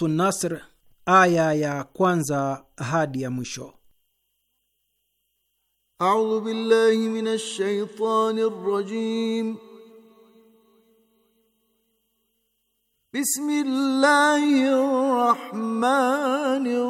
Suratu Nasr aya ya kwanza hadi ya mwisho. Audhu billahi minash shaitani rrajim. Bismillahir rahmanir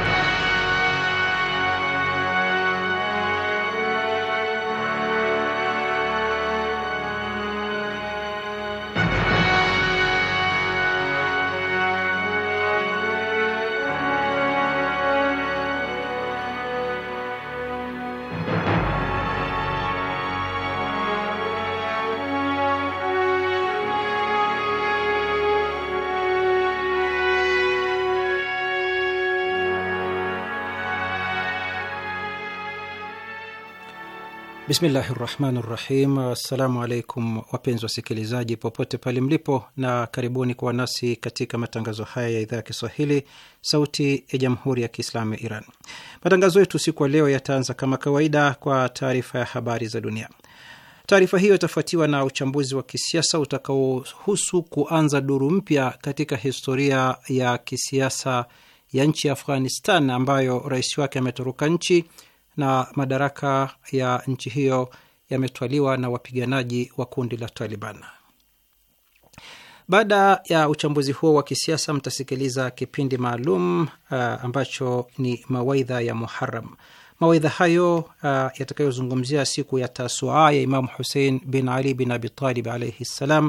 Bismillahi rahmani rahim. Assalamu alaikum wapenzi wasikilizaji popote pale mlipo, na karibuni kuwa nasi katika matangazo haya ya idhaa ya Kiswahili sauti ya jamhuri ya Kiislamu ya Iran. Matangazo yetu siku ya leo yataanza kama kawaida kwa taarifa ya habari za dunia. Taarifa hiyo itafuatiwa na uchambuzi wa kisiasa utakaohusu kuanza duru mpya katika historia ya kisiasa ya nchi ya Afghanistan ambayo rais wake ametoroka nchi na madaraka ya nchi hiyo yametwaliwa na wapiganaji wa kundi la Taliban. Baada ya uchambuzi huo wa kisiasa, mtasikiliza kipindi maalum uh, ambacho ni mawaidha ya Muharam. Mawaidha hayo uh, yatakayozungumzia siku ya Tasua ya Imamu Husein bin Ali bin Abitalib alaihi ssalam,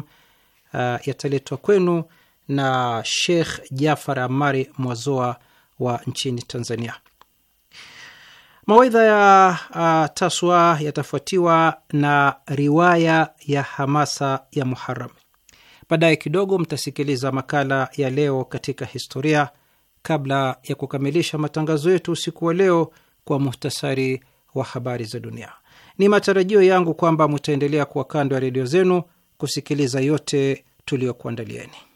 uh, yataletwa kwenu na Sheikh Jafar Amari Mwazoa wa nchini Tanzania. Mawaidha ya uh, Taswa yatafuatiwa na riwaya ya hamasa ya Muharam. Baadaye kidogo mtasikiliza makala ya leo katika historia, kabla ya kukamilisha matangazo yetu usiku wa leo kwa muhtasari wa habari za dunia. Ni matarajio yangu kwamba mutaendelea kuwa kando ya redio zenu kusikiliza yote tuliyokuandalieni.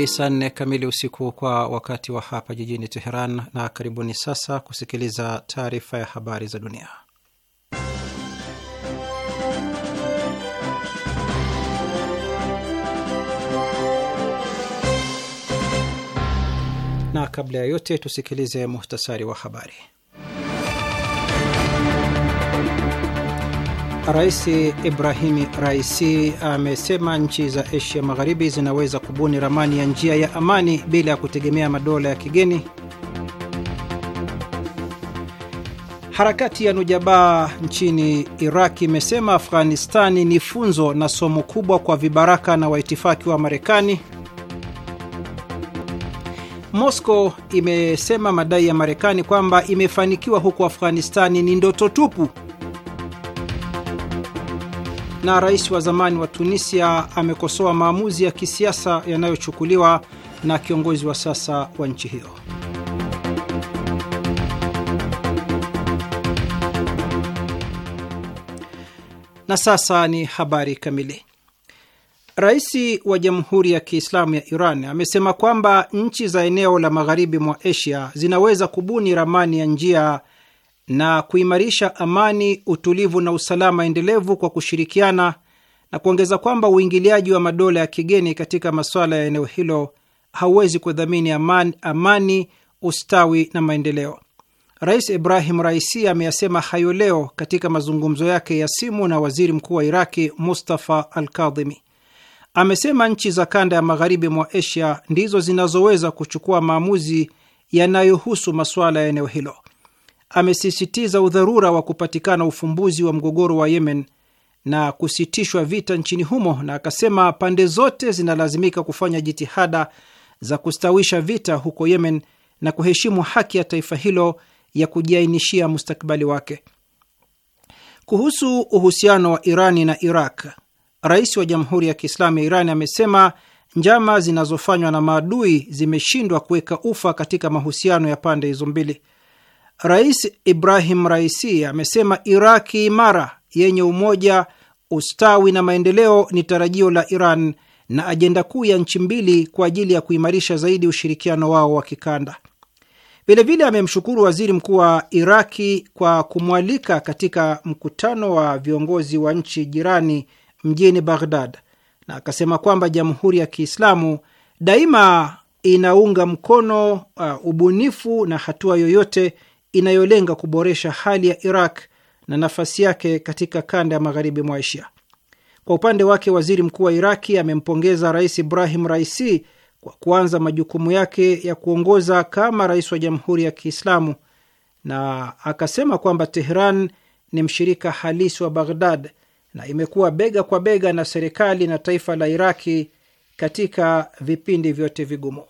Ni saa nne kamili usiku kwa wakati wa hapa jijini Teheran, na karibuni sasa kusikiliza taarifa ya habari za dunia. Na kabla ya yote tusikilize muhtasari wa habari. Rais Ibrahimi Raisi amesema nchi za Asia Magharibi zinaweza kubuni ramani ya njia ya amani bila ya kutegemea madola ya kigeni. Harakati ya Nujabaa nchini iraq imesema Afghanistani ni funzo na somo kubwa kwa vibaraka na waitifaki wa Marekani. Moscow imesema madai ya Marekani kwamba imefanikiwa huko Afghanistani ni ndoto tupu na rais wa zamani wa Tunisia amekosoa maamuzi ya kisiasa yanayochukuliwa na kiongozi wa sasa wa nchi hiyo. Na sasa ni habari kamili. Rais wa Jamhuri ya Kiislamu ya Iran amesema kwamba nchi za eneo la magharibi mwa Asia zinaweza kubuni ramani ya njia na kuimarisha amani, utulivu na usalama endelevu kwa kushirikiana, na kuongeza kwamba uingiliaji wa madola ya kigeni katika masuala ya eneo hilo hauwezi kudhamini amani, amani, ustawi na maendeleo. Rais Ibrahim Raisi ameyasema hayo leo katika mazungumzo yake ya simu na waziri mkuu wa Iraki Mustafa Al-Kadhimi. Amesema nchi za kanda ya magharibi mwa Asia ndizo zinazoweza kuchukua maamuzi yanayohusu masuala ya eneo hilo amesisitiza udharura wa kupatikana ufumbuzi wa mgogoro wa Yemen na kusitishwa vita nchini humo, na akasema pande zote zinalazimika kufanya jitihada za kustawisha vita huko Yemen na kuheshimu haki ya taifa hilo ya kujiainishia mustakabali wake. Kuhusu uhusiano wa Irani na Iraq, rais wa Jamhuri ya Kiislamu ya Irani amesema njama zinazofanywa na maadui zimeshindwa kuweka ufa katika mahusiano ya pande hizo mbili. Rais Ibrahim Raisi amesema Iraki imara yenye umoja, ustawi na maendeleo ni tarajio la Iran na ajenda kuu ya nchi mbili kwa ajili ya kuimarisha zaidi ushirikiano wao wa kikanda. Vilevile amemshukuru waziri mkuu wa Iraki kwa kumwalika katika mkutano wa viongozi wa nchi jirani mjini Baghdad, na akasema kwamba Jamhuri ya Kiislamu daima inaunga mkono uh, ubunifu na hatua yoyote inayolenga kuboresha hali ya Iraq na nafasi yake katika kanda ya magharibi mwa Asia. Kwa upande wake, waziri mkuu wa Iraki amempongeza Rais Ibrahim Raisi kwa kuanza majukumu yake ya kuongoza kama rais wa Jamhuri ya Kiislamu na akasema kwamba Tehran ni mshirika halisi wa Baghdad na imekuwa bega kwa bega na serikali na taifa la Iraki katika vipindi vyote vigumu.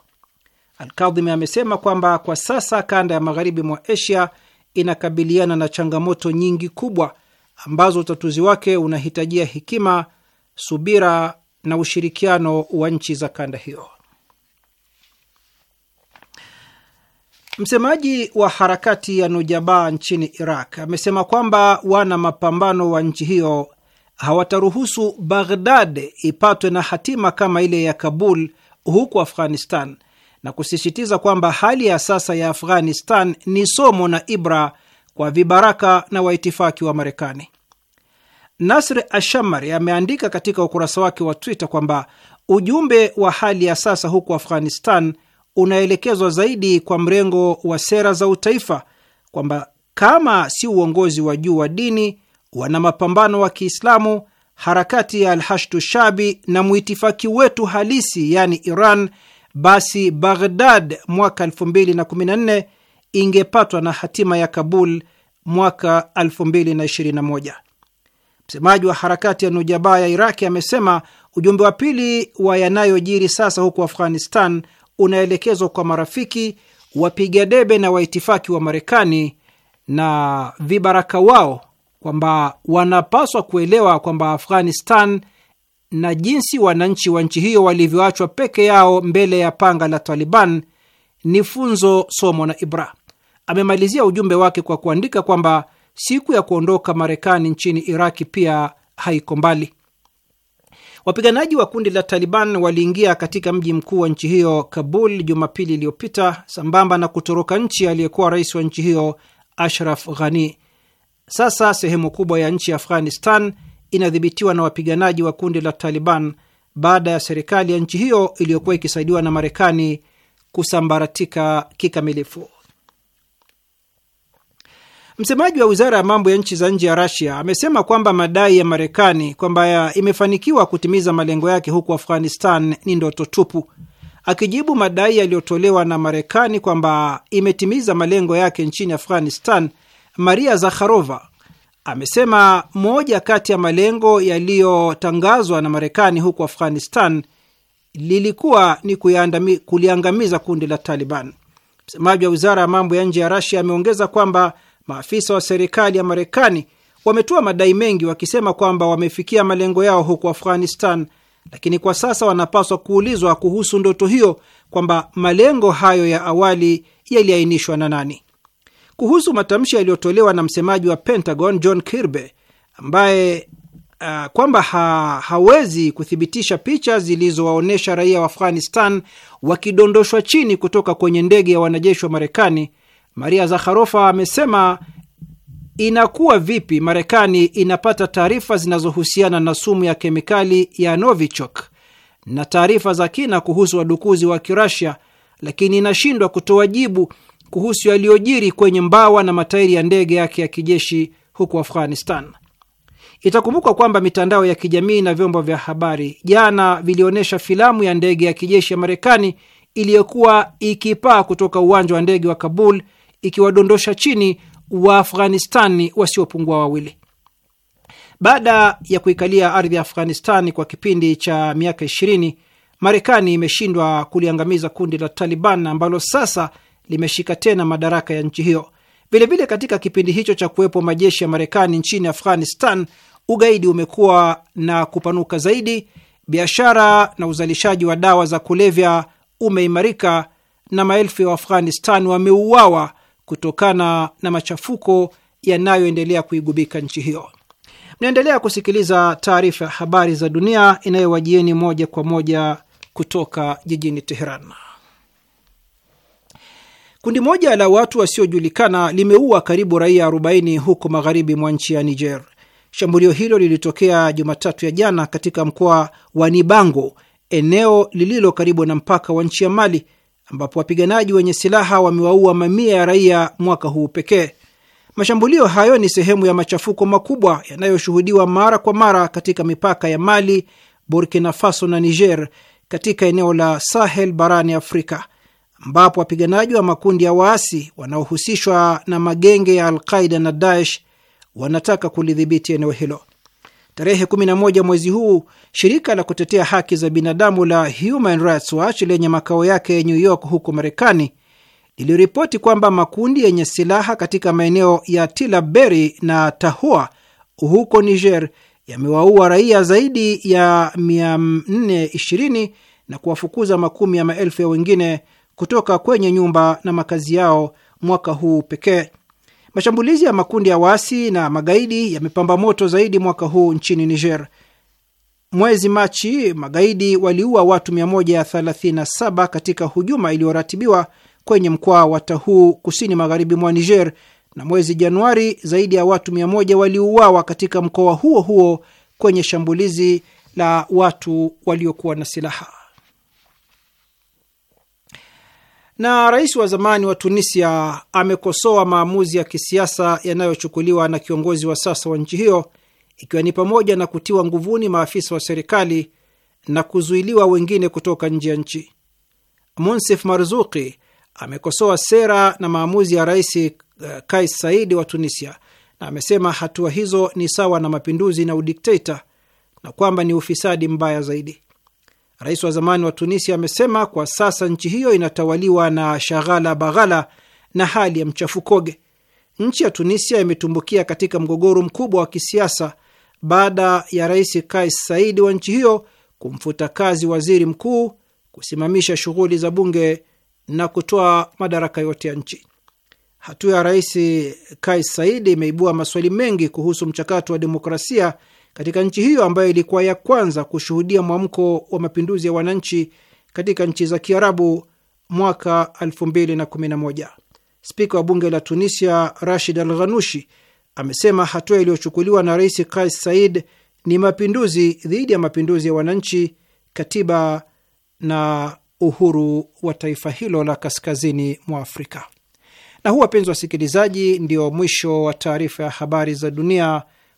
Alkadhimi amesema kwamba kwa sasa kanda ya magharibi mwa Asia inakabiliana na changamoto nyingi kubwa ambazo utatuzi wake unahitajia hekima, subira na ushirikiano wa nchi za kanda hiyo. Msemaji wa harakati ya nujaba nchini Iraq amesema kwamba wana mapambano wa nchi hiyo hawataruhusu Baghdad ipatwe na hatima kama ile ya Kabul huko Afghanistan na kusisitiza kwamba hali ya sasa ya Afghanistan ni somo na ibra kwa vibaraka na waitifaki wa Marekani. Nasr Ashamari ameandika katika ukurasa wake wa Twitter kwamba ujumbe wa hali ya sasa huko Afghanistan unaelekezwa zaidi kwa mrengo wa sera za utaifa, kwamba kama si uongozi wa juu wa dini, wana mapambano wa Kiislamu, harakati ya Alhashdu Shabi na mwitifaki wetu halisi, yani Iran basi Baghdad mwaka 2014 ingepatwa na hatima ya Kabul mwaka 2021. Msemaji wa harakati ya Nujaba ya iraqi amesema ujumbe wa pili wa yanayojiri sasa huko Afghanistan unaelekezwa kwa marafiki, wapiga debe na waitifaki wa Marekani na vibaraka wao kwamba wanapaswa kuelewa kwamba Afghanistan na jinsi wananchi wa nchi hiyo walivyoachwa peke yao mbele ya panga la Taliban ni funzo, somo na ibra. Amemalizia ujumbe wake kwa kuandika kwamba siku ya kuondoka Marekani nchini Iraki pia haiko mbali. Wapiganaji wa kundi la Taliban waliingia katika mji mkuu wa nchi hiyo Kabul Jumapili iliyopita sambamba na kutoroka nchi aliyekuwa rais wa nchi hiyo Ashraf Ghani. Sasa sehemu kubwa ya nchi ya Afghanistan inadhibitiwa na wapiganaji wa kundi la Taliban baada ya serikali ya nchi hiyo iliyokuwa ikisaidiwa na Marekani kusambaratika kikamilifu. Msemaji wa wizara ya mambo ya nchi za nje ya Rasia amesema kwamba madai ya Marekani kwamba imefanikiwa kutimiza malengo yake huku Afghanistan ni ndoto tupu, akijibu madai yaliyotolewa na Marekani kwamba imetimiza malengo yake nchini Afghanistan. Maria Zakharova, amesema moja kati ya malengo yaliyotangazwa na Marekani huko Afghanistan lilikuwa ni kuyandami, kuliangamiza kundi la Taliban. Msemaji wa wizara ya mambo ya nje ya Rasia ameongeza kwamba maafisa wa serikali ya Marekani wametoa madai mengi wakisema kwamba wamefikia malengo yao huko Afghanistan, lakini kwa sasa wanapaswa kuulizwa kuhusu ndoto hiyo, kwamba malengo hayo ya awali yaliainishwa na nani kuhusu matamshi yaliyotolewa na msemaji wa Pentagon John Kirby ambaye uh, kwamba ha, hawezi kuthibitisha picha zilizowaonyesha raia wa Afghanistan wakidondoshwa chini kutoka kwenye ndege ya wanajeshi wa Marekani. Maria Zakharova amesema inakuwa vipi Marekani inapata taarifa zinazohusiana na sumu ya kemikali ya Novichok na taarifa za kina kuhusu wadukuzi wa kirasia lakini inashindwa kutoa jibu kuhusu yaliyojiri kwenye mbawa na matairi ya ndege yake ya kijeshi huko Afghanistan. Itakumbukwa kwamba mitandao ya kijamii na vyombo vya habari jana vilionyesha filamu ya ndege ya kijeshi ya Marekani iliyokuwa ikipaa kutoka uwanja wa ndege wa Kabul ikiwadondosha chini wa Afghanistani wasiopungua wawili. Baada ya kuikalia ardhi ya Afghanistani kwa kipindi cha miaka ishirini, Marekani imeshindwa kuliangamiza kundi la Taliban ambalo sasa limeshika tena madaraka ya nchi hiyo. Vilevile, katika kipindi hicho cha kuwepo majeshi ya Marekani nchini Afghanistan, ugaidi umekuwa na kupanuka zaidi, biashara na uzalishaji wa dawa za kulevya umeimarika na maelfu ya Waafghanistan wameuawa kutokana na machafuko yanayoendelea kuigubika nchi hiyo. Mnaendelea kusikiliza taarifa ya habari za dunia inayowajieni moja kwa moja kutoka jijini Teheran. Kundi moja la watu wasiojulikana limeua karibu raia 40 huko magharibi mwa nchi ya Niger. Shambulio hilo lilitokea Jumatatu ya jana katika mkoa wa Nibango, eneo lililo karibu na mpaka wa nchi ya Mali, ambapo wapiganaji wenye silaha wamewaua mamia ya raia mwaka huu pekee. Mashambulio hayo ni sehemu ya machafuko makubwa yanayoshuhudiwa mara kwa mara katika mipaka ya Mali, Burkina Faso na Niger katika eneo la Sahel barani Afrika ambapo wapiganaji wa makundi ya waasi wanaohusishwa na magenge ya Alqaida na Daesh wanataka kulidhibiti eneo hilo. Tarehe 11 mwezi huu, shirika la kutetea haki za binadamu la Human Rights Watch lenye makao yake New York huko Marekani liliripoti kwamba makundi yenye silaha katika maeneo ya Tilaberi na Tahua huko Niger yamewaua raia zaidi ya 420 na kuwafukuza makumi ya maelfu ya wengine kutoka kwenye nyumba na makazi yao mwaka huu pekee. Mashambulizi ya makundi ya waasi na magaidi yamepamba moto zaidi mwaka huu nchini Niger. Mwezi Machi, magaidi waliua watu 137 katika hujuma iliyoratibiwa kwenye mkoa wa Tahu, kusini magharibi mwa Niger, na mwezi Januari zaidi ya watu 100 waliuawa katika mkoa huo huo kwenye shambulizi la watu waliokuwa na silaha. Na rais wa zamani wa Tunisia amekosoa maamuzi ya kisiasa yanayochukuliwa na kiongozi wa sasa wa nchi hiyo, ikiwa ni pamoja na kutiwa nguvuni maafisa wa serikali na kuzuiliwa wengine kutoka nje ya nchi. Munsif Marzuki amekosoa sera na maamuzi ya rais eh, Kais Saidi wa Tunisia na amesema hatua hizo ni sawa na mapinduzi na udikteta na kwamba ni ufisadi mbaya zaidi. Rais wa zamani wa Tunisia amesema kwa sasa nchi hiyo inatawaliwa na shaghala baghala na hali ya mchafukoge. Nchi ya Tunisia imetumbukia katika mgogoro mkubwa wa kisiasa baada ya Rais Kais Saidi wa nchi hiyo kumfuta kazi waziri mkuu, kusimamisha shughuli za bunge na kutoa madaraka yote ya nchi. Hatua ya Rais Kais Saidi imeibua maswali mengi kuhusu mchakato wa demokrasia katika nchi hiyo ambayo ilikuwa ya kwanza kushuhudia mwamko wa mapinduzi ya wananchi katika nchi za Kiarabu mwaka 2011. Spika wa bunge la Tunisia Rashid Al Ghanushi amesema hatua iliyochukuliwa na Rais Kais said ni mapinduzi dhidi ya mapinduzi ya wananchi, katiba na uhuru wa taifa hilo la kaskazini mwa Afrika. Na huu, wapenzi wasikilizaji, ndio mwisho wa taarifa ya habari za dunia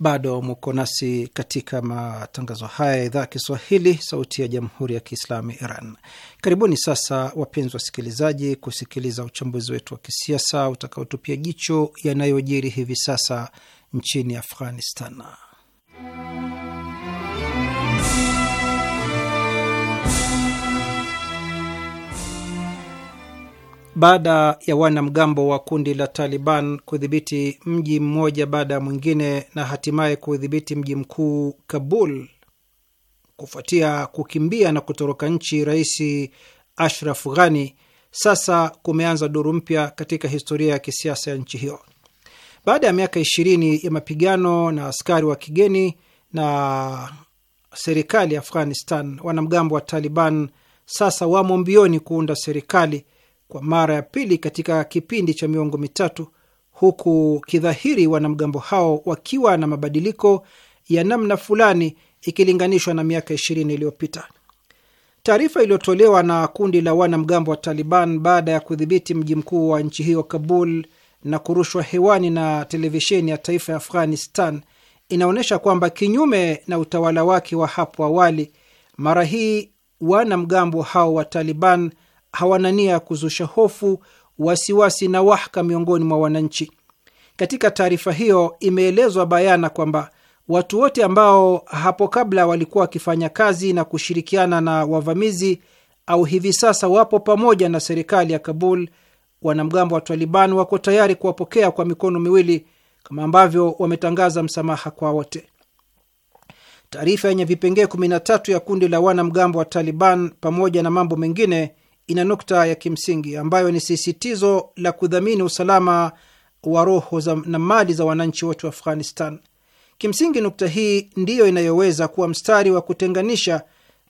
Bado muko nasi katika matangazo haya ya idhaa ya Kiswahili, sauti ya jamhuri ya kiislamu Iran. Karibuni sasa, wapenzi wasikilizaji, kusikiliza uchambuzi wetu wa kisiasa utakaotupia jicho yanayojiri hivi sasa nchini Afghanistan. baada ya wanamgambo wa kundi la Taliban kudhibiti mji mmoja baada ya mwingine na hatimaye kudhibiti mji mkuu Kabul kufuatia kukimbia na kutoroka nchi Rais Ashraf Ghani, sasa kumeanza duru mpya katika historia ya kisiasa ya nchi hiyo. Baada ya miaka ishirini ya mapigano na askari wa kigeni na serikali ya Afghanistan, wanamgambo wa Taliban sasa wamo mbioni kuunda serikali kwa mara ya pili katika kipindi cha miongo mitatu, huku kidhahiri wanamgambo hao wakiwa na mabadiliko ya namna fulani ikilinganishwa na miaka ishirini iliyopita. Taarifa iliyotolewa na kundi la wanamgambo wa Taliban baada ya kudhibiti mji mkuu wa nchi hiyo Kabul na kurushwa hewani na televisheni ya taifa ya Afghanistan inaonyesha kwamba kinyume na utawala wake wa hapo awali, mara hii wanamgambo hao wa Taliban hawana nia ya kuzusha hofu, wasiwasi na wahaka miongoni mwa wananchi. Katika taarifa hiyo imeelezwa bayana kwamba watu wote ambao hapo kabla walikuwa wakifanya kazi na kushirikiana na wavamizi au hivi sasa wapo pamoja na serikali ya Kabul, wanamgambo wa Taliban wako tayari kuwapokea kwa mikono miwili, kama ambavyo wametangaza msamaha kwa wote. Taarifa yenye vipengee 13 ya kundi la wanamgambo wa Taliban pamoja na mambo mengine ina nukta ya kimsingi ambayo ni sisitizo la kudhamini usalama wa roho na mali za wananchi wote wa Afghanistan. Kimsingi, nukta hii ndiyo inayoweza kuwa mstari wa kutenganisha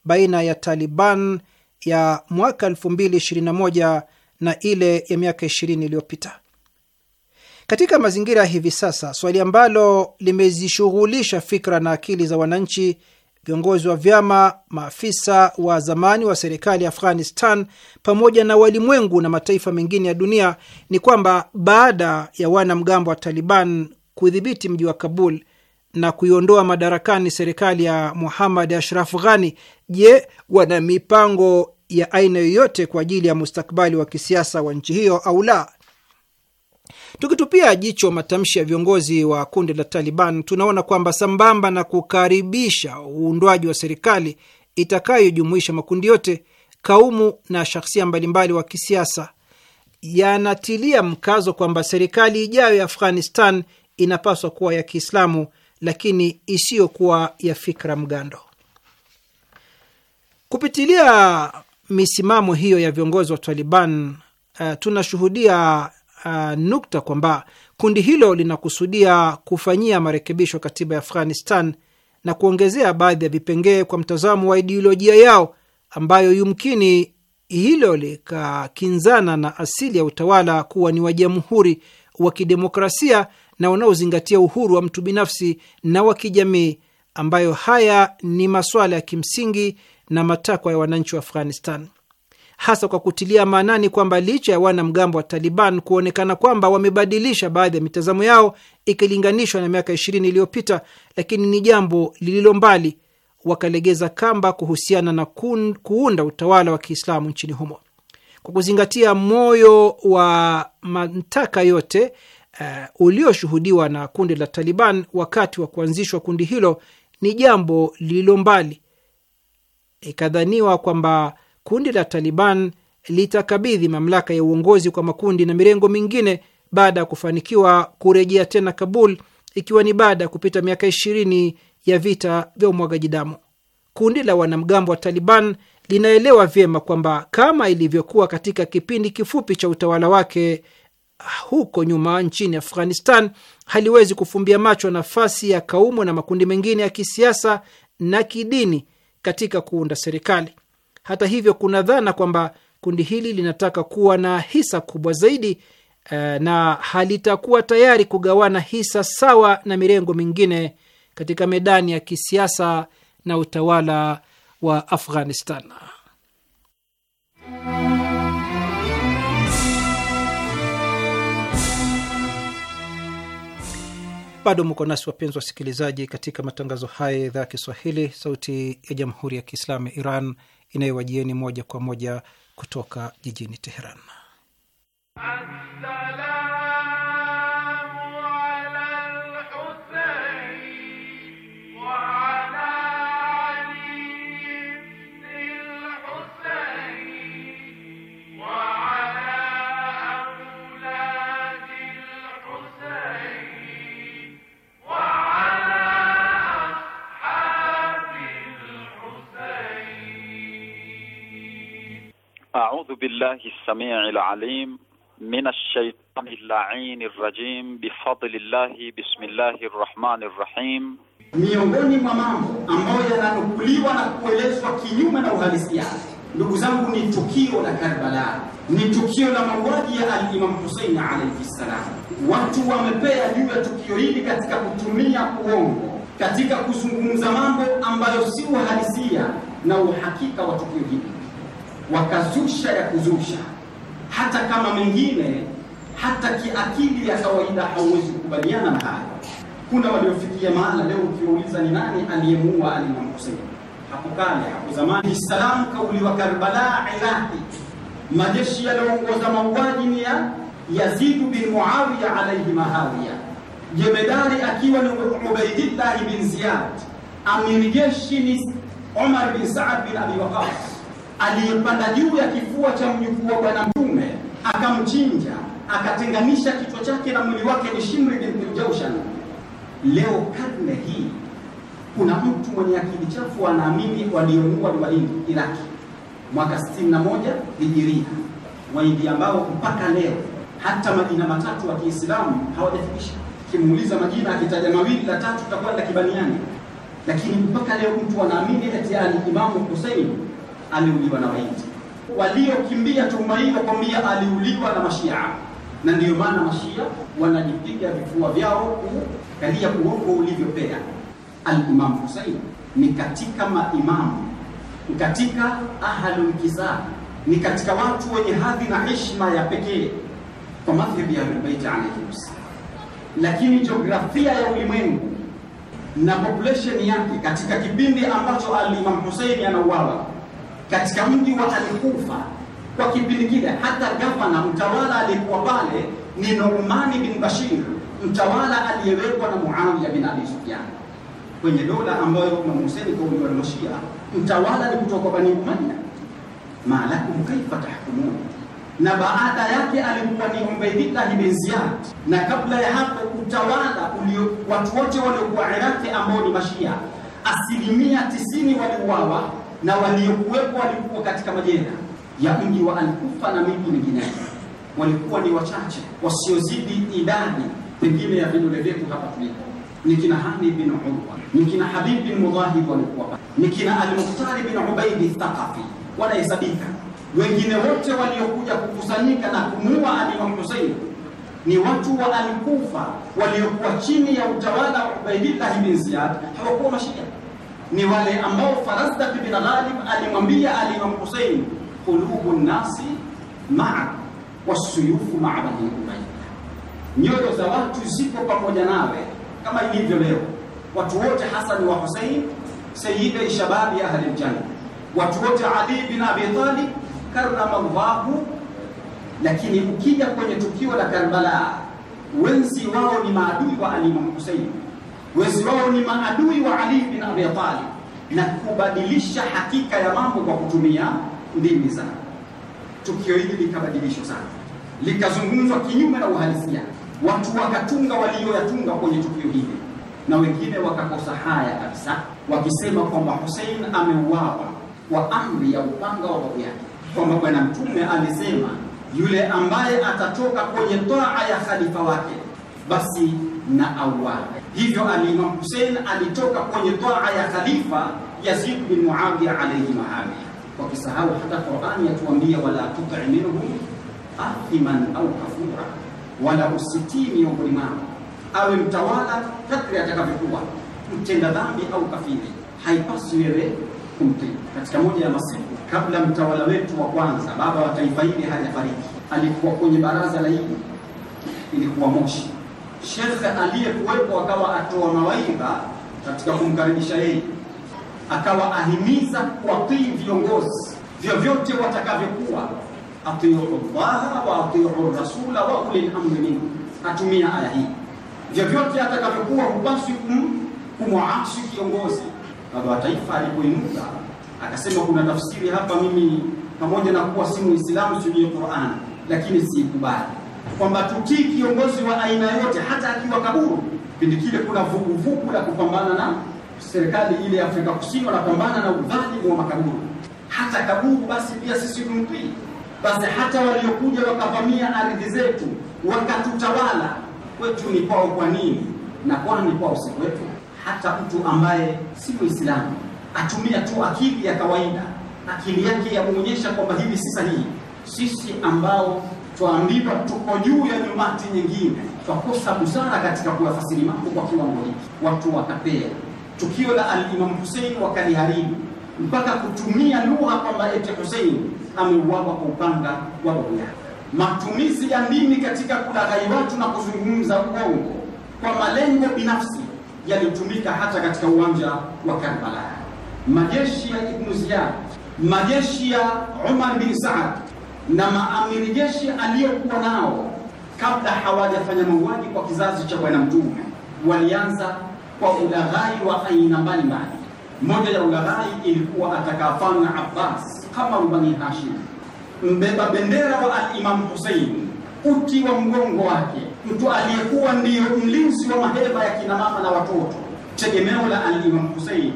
baina ya Taliban ya mwaka 2021 na ile ya miaka 20 iliyopita. Katika mazingira ya hivi sasa, swali ambalo limezishughulisha fikra na akili za wananchi viongozi wa vyama, maafisa wa zamani wa serikali ya Afghanistan pamoja na walimwengu na mataifa mengine ya dunia ni kwamba baada ya wanamgambo wa Taliban kudhibiti mji wa Kabul na kuiondoa madarakani serikali ya Muhammad Ashraf Ghani, je, wana mipango ya aina yoyote kwa ajili ya mustakabali wa kisiasa wa nchi hiyo au la? Tukitupia jicho matamshi ya viongozi wa kundi la Taliban, tunaona kwamba sambamba na kukaribisha uundwaji wa serikali itakayojumuisha makundi yote, kaumu na shahsia mbalimbali wa kisiasa, yanatilia mkazo kwamba serikali ijayo ya Afghanistan inapaswa kuwa ya Kiislamu lakini isiyokuwa ya fikra mgando. Kupitilia misimamo hiyo ya viongozi wa Taliban, uh, tunashuhudia uh, nukta kwamba kundi hilo linakusudia kufanyia marekebisho katiba ya Afghanistan na kuongezea baadhi ya vipengee kwa mtazamo wa ideolojia yao ambayo yumkini hilo likakinzana na asili ya utawala kuwa ni wa jamhuri wa kidemokrasia na unaozingatia uhuru wa mtu binafsi na wa kijamii, ambayo haya ni masuala ya kimsingi na matakwa ya wananchi wa Afghanistan hasa kwa kutilia maanani kwamba licha ya wanamgambo wa Taliban kuonekana kwamba wamebadilisha baadhi ya mitazamo yao ikilinganishwa na miaka ishirini iliyopita, lakini ni jambo lililo mbali, wakalegeza kamba kuhusiana na kuunda utawala wa Kiislamu nchini humo kwa kuzingatia moyo wa mantaka yote uh, ulioshuhudiwa na kundi la Taliban wakati wa kuanzishwa kundi hilo, ni jambo lililo mbali. Ikadhaniwa kwamba kundi la Taliban litakabidhi mamlaka ya uongozi kwa makundi na mirengo mingine baada ya kufanikiwa kurejea tena Kabul, ikiwa ni baada ya kupita miaka ishirini ya vita vya umwagaji damu. Kundi la wanamgambo wa Taliban linaelewa vyema kwamba kama ilivyokuwa katika kipindi kifupi cha utawala wake huko nyuma nchini Afghanistan, haliwezi kufumbia macho nafasi ya kaumu na makundi mengine ya kisiasa na kidini katika kuunda serikali. Hata hivyo, kuna dhana kwamba kundi hili linataka kuwa na hisa kubwa zaidi eh, na halitakuwa tayari kugawana hisa sawa na mirengo mingine katika medani ya kisiasa na utawala wa Afghanistan. Bado mko nasi wapenzi wasikilizaji, katika matangazo haya ya idhaa ya Kiswahili, sauti ya jamhuri ya kiislamu ya Iran inayowajieni moja kwa moja kutoka jijini Teheran. audhu billahi lsamii lalim min الشيطان اللعين rajim بفضل llahi بسم الله الرحمن الرحيم miongoni mwa mambo ambayo yananukuliwa na kuelezwa kinyume na uhalisia ndugu zangu ni tukio la Karbala ni tukio la mauaji ya alimamu imam Hussein alayhi salam watu wamepea juu ya tukio hili katika kutumia uongo katika kuzungumza mambo ambayo si uhalisia na uhakika wa tukio hili wakazusha ya kuzusha, hata kama mengine hata kiakili ya kawaida hauwezi kukubaliana na hayo. Kuna waliofikia mahala leo ukiwauliza ni nani aliyemuua Alimamu Husein, hakukale hapo zamani salam, kauli wa Karbala, Iraqi, majeshi yaliyoongoza mauaji ni ya yazidu bin Muawiya alayhi mahawiya, jemedari akiwa ni Ubaidillah bin Ziyad, amiri jeshi ni Umar bin Saad bin Abi Waqas aliyepanda juu ya kifua cha mjukuu wa Bwana Mtume akamchinja, akatenganisha kichwa chake na mwili wake ni Shimri binti Jaushan. Leo karne hii kuna mtu mwenye akili chafu anaamini waliomuua ni Waindi Iraki mwaka 61 Hijiria, Waindi ambao mpaka leo hata majina matatu wa Kiislamu hawajafikisha. kimuuliza majina akitaja mawili la tatu tutakwenda kibaniani, lakini mpaka leo mtu anaamini eti imamu Hussein aliuliwa na maiti. Waliokimbia tuhuma hii wakwambia aliuliwa na Mashia, na ndiyo maana Mashia wanajipiga vifua vyao kukalia uongo ulivyopea. alimam husein Hussein ni katika maimamu, ni katika ahlul kisa, ni katika watu wenye hadhi na heshima ya pekee kwa madhhabi ya Ahlul alayhi lakini jiografia ya ulimwengu na population yake katika kipindi ambacho Al-Imam Hussein anauawa katika mji wa Alkufa. Kwa kipindi kile hata gavana mtawala aliyekuwa pale ni Nurmani bin Bashir, mtawala aliyewekwa na Muawiya bin Abi Sufyan kwenye dola ambayo Imam Hussein kauliwa na mtawala ni kutoka Bani Umayya. Malakum kaifa tahkumun, na baada yake alikuwa ni Ubaydillah bin Ziyad, na kabla ya hapo utawala ulio watu wote waliokuwa Iraq ambao ni Mashia asilimia tisini waliuawa na waliokuwepo walikuwa katika majela ya mji wa Alkufa na miji mingineyo, walikuwa ni wachache wasiozidi idadi pengine ya vidole vyetu hapa tulipo. Ni kina Hani bin Urwa, ni kina Habib bin Mudahib walikuwa pale, ni kina almukhtari bin Ubaidi Thaqafi, wanahesabika. Wengine wote waliokuja kukusanyika na kumua Alimamu Husein ni watu wa Alkufa waliokuwa chini ya utawala wa Ubaidillah bin Ziyad, hawakuwa Mashia ni wale ambao Farazdak bin Ghalib alimwambia Ali Imam Hussein, qulubu nasi ma'a wasuyufu ma'a bani Umayya, nyoyo za watu ziko pamoja nawe kama ilivyo leo. Watu wote Hasan wa Hussein sayyidi shababi ahli aljanna, watu wote Ali bin Abi Talib karrama Allahu. Lakini ukija kwenye tukio la Karbala, wenzi wao ni maadui wa Ali Imam Hussein wezi wao ni maadui wa Ali bin Abi Talib na kubadilisha hakika ya mambo kwa kutumia ndimi zao. Tukio hili likabadilishwa sana, likazungumzwa kinyume na uhalisia, watu wakatunga walioyatunga kwenye tukio hili, na wengine wakakosa haya kabisa, wakisema kwamba Hussein ameuawa kwa amri ya upanga wa babu yake, kwamba Bwana Mtume alisema yule ambaye atatoka kwenye toa ya khalifa wake basi na auawe. Hivyo alimam Hussein alitoka kwenye taa ya khalifa Yazid bin Muawiya alayhi kwa wakisahau hata Qur'ani yatuambia wala tuti minhum athiman au kafura, wala usitii miongoni mwao, awe mtawala kadri atakavyokuwa mtenda dhambi au kafiri, haipaswi wewe kumtii. Katika moja ya masiku kabla mtawala wetu wa kwanza, baba wa taifa hili hajafariki, alikuwa kwenye baraza la hili, ilikuwa Moshi shekhe aliyekuwepo akawa atoa mawaidha katika kumkaribisha yeye, akawa ahimiza kuwatii viongozi vyovyote watakavyokuwa, atiu llaha wa atiu rasula wa ulil amri minkum. Atumia aya hii, vyovyote atakavyokuwa hupaswi kumwaasi kiongozi. Baba wa taifa alipoinuka akasema, kuna tafsiri hapa, mimi pamoja na kuwa si muislamu sijui Qur'an, lakini siikubali kwamba tutii kiongozi wa aina yote, hata akiwa kaburu. Kipindi kile kuna vuguvugu la kupambana na serikali ile ya Afrika Kusini, wanapambana na udhalimu wa makaburu, hata kaburu, basi pia sisi tumtii. Basi hata waliokuja wakavamia ardhi zetu wakatutawala, kwetu ni kwao, kwa nini? Na kwani kwao si kwetu? Hata mtu ambaye si Muislamu atumia tu akili ya kawaida, akili yake yamuonyesha kwamba hivi si sahihi. Sisi ambao twaambiwa tuko juu ya nyumati nyingine, twakosa busara katika kuyafasiri mambo kwa kiwango hiki. Watu wakapea tukio la alimamu Husein wakaliharibu mpaka kutumia lugha kwamba eti Husein ameuawa kwa upanga wa babu yake. Matumizi ya dini katika kulaghai watu na kuzungumza uongo kwa malengo binafsi yalitumika hata katika uwanja wa Karbala. Majeshi ya Ibnu Ziyad, majeshi ya Umar bin Saad na maamiri jeshi aliyekuwa nao kabla hawajafanya mauaji kwa kizazi cha Bwana Mtume, walianza kwa ulaghai wa aina mbalimbali. Moja ya ulaghai ilikuwa na Abbas kama Bani Hashim, mbeba bendera wa al husein uti wa mgongo wake, mtu aliyekuwa ndiyo mlinzi wa maheba ya kinamama na watoto, tegemeo la alimamu husein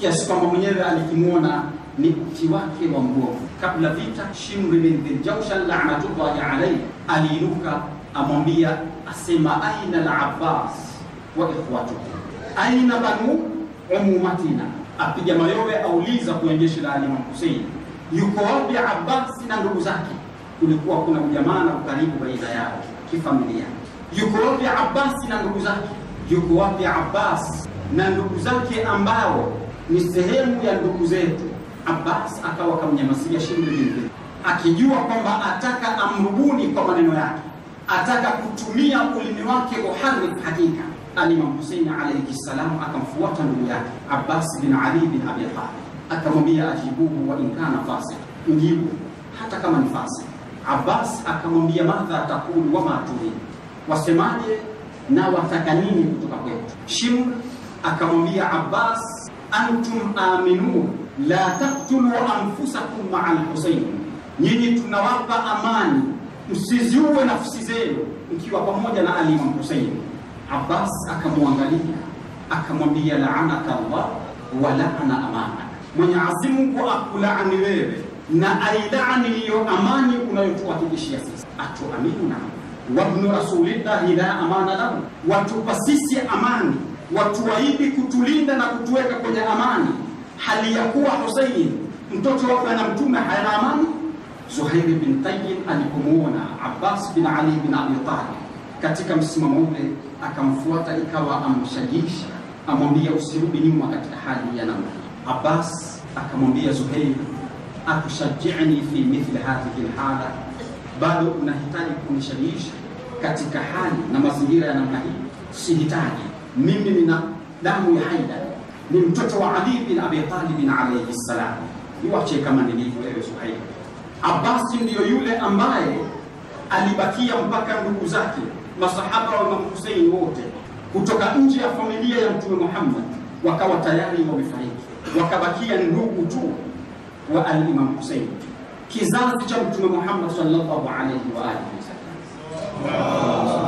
kiasi kwamba mwenyewe alikimwona ni mti wake wa mgomba. Kabla vita, Shimri bin Dhiljaushan laanatullahi alayhi aliinuka amwambia, asema aina al-Abbas wa ikhwatuhu aina banu umumatina, apiga mayowe, auliza kwenye jeshi la Ali Hussein, yuko wapi Abbas na ndugu zake? Kulikuwa kuna ujamaa na ukaribu baina yao kifamilia. Yuko wapi Abbas na ndugu zake? Yuko wapi Abbas na ndugu zake ambao ni sehemu ya ndugu zetu Abbas akawa kamnyamazia Shimri bin Zaid, akijua kwamba ataka amrubuni kwa maneno yake, ataka kutumia ulimi wake uharri. hakika. Al-Imam Hussein alayhi salam akamfuata ndugu yake Abbas bin Ali bin Abi Talib, akamwambia ajibuhu wa in kana fasik, mjibu hata kama ni fasik. Abbas akamwambia madha takulu wa turid, wasemaje na wataka nini kutoka kwetu? Shimr akamwambia Abbas, antum aminu la taktulu anfusakum maa al-Husayn, nyinyi tunawapa amani, msiziue nafsi zenu mkiwa pamoja na Ali Imam Husayn. Abbas akamwangalia akamwambia, laanaka Allah wa laana amanak, Mwenyezi Mungu akulaani wewe na ailaani hiyo amani unayotuhakikishia sisi. Atuaminuna wabnu rasulillahi la amana lahu, watupa sisi amani, watuahidi kutulinda na kutuweka kwenye amani hali ya kuwa Husaini mtoto wa bwana mtume hayana amani. Zuhair bin Tayyib alipomuona Abbas bin Ali bin Abi Talib katika msimamo ule, akamfuata ikawa amshajisha amwambia usirudi nyuma katika hali ya namna. Abbas akamwambia Zuhair, atushajiani fi mithli hadhihi lhala, bado unahitaji kunishajiisha katika hali na mazingira ya namna hii? Sihitaji, mimi nina damu ya haida ni mtoto wa Ali bin Abi Talib alayhi salam. Niwache kama nilivyoelewa Suhaib. Abbas ndiyo yule ambaye alibakia mpaka ndugu zake masahaba wa Imam Hussein wote kutoka nje ya familia ya Mtume Muhammad wakawa tayari wamefariki, wakabakia ndugu tu wa al-Imam Hussein, kizazi cha Mtume Muhammad sallallahu alayhi wa alihi wasallam.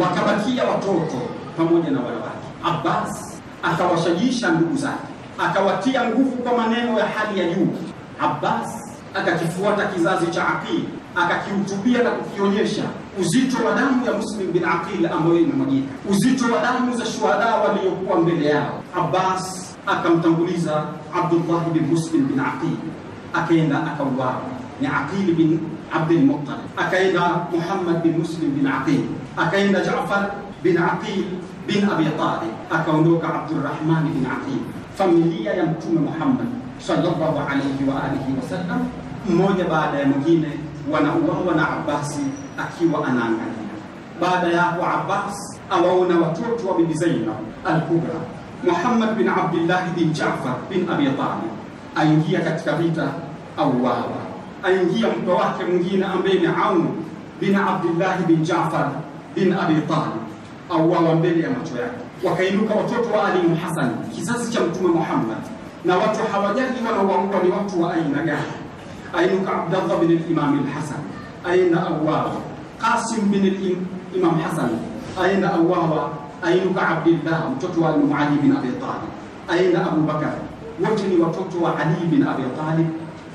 wakabakia watoto pamoja na wanawake. Abbas akawashajisha ndugu zake, akawatia nguvu kwa maneno ya hali ya juu. Abbas akakifuata kizazi cha Aqil, akakihutubia na kukionyesha uzito wa damu ya Muslim bin Aqil ambayo imemwagika, uzito wa damu za shuhada waliokuwa mbele yao. Abbas akamtanguliza Abdullah bin Muslim bin Aqil, akaenda akauawa. Ni Aqil bin Abdul Muttalib, akaenda Muhammad bin Muslim bin Aqil akaenda Jaafar bin Aqil bin Abi Talib, akaondoka Abdurrahman bin Aqil. Familia ya Mtume Muhammad sallallahu alayhi wa alihi wasallam, mmoja baada ya mwingine wanauawa na Abbasi akiwa anaangalia. Baada ya hapo, Abbas awaona watoto wa Bibi Zainab al-Kubra, Muhammad bin Abdullah bin Jaafar bin Abi Talib aingia katika vita, wawa, Aingia mtoto wake mwingine ambaye ni Aun bin Abdullah bin Jaafar bin Abi Talib auawa mbele ya macho yake. Wakainuka watoto wa Ali Hassan, kizazi cha Mtume Muhammad, na watu hawajali wanaowaua ni watu wa aina gani. Ainuka Abdallah bin al-Imam al-Hasan aina auawa, Qasim bin al-Imam Hasan aina auawa, ainuka Abdullah mtoto wa Ali bin Abi Talib aina Abu Bakar, wote ni watoto wa Ali bin Abi Talib,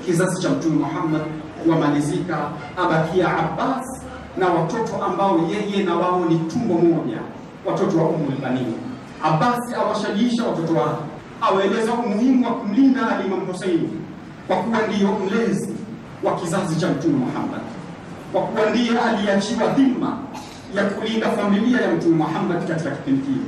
kizazi cha Mtume Muhammad, wamalizika abakia Abbas na watoto ambao yeye na wao ni tumbo moja, watoto wa Umu Banin. Abasi awashajiisha watoto wake, awaeleza umuhimu wa kumlinda Alimamu Huseini kwa kuwa ndiyo mlezi wa kizazi cha Mtume Muhammad, kwa kuwa ndiye aliyeachiwa dhima ya kulinda familia ya Mtume Muhammad katika kipindi kile,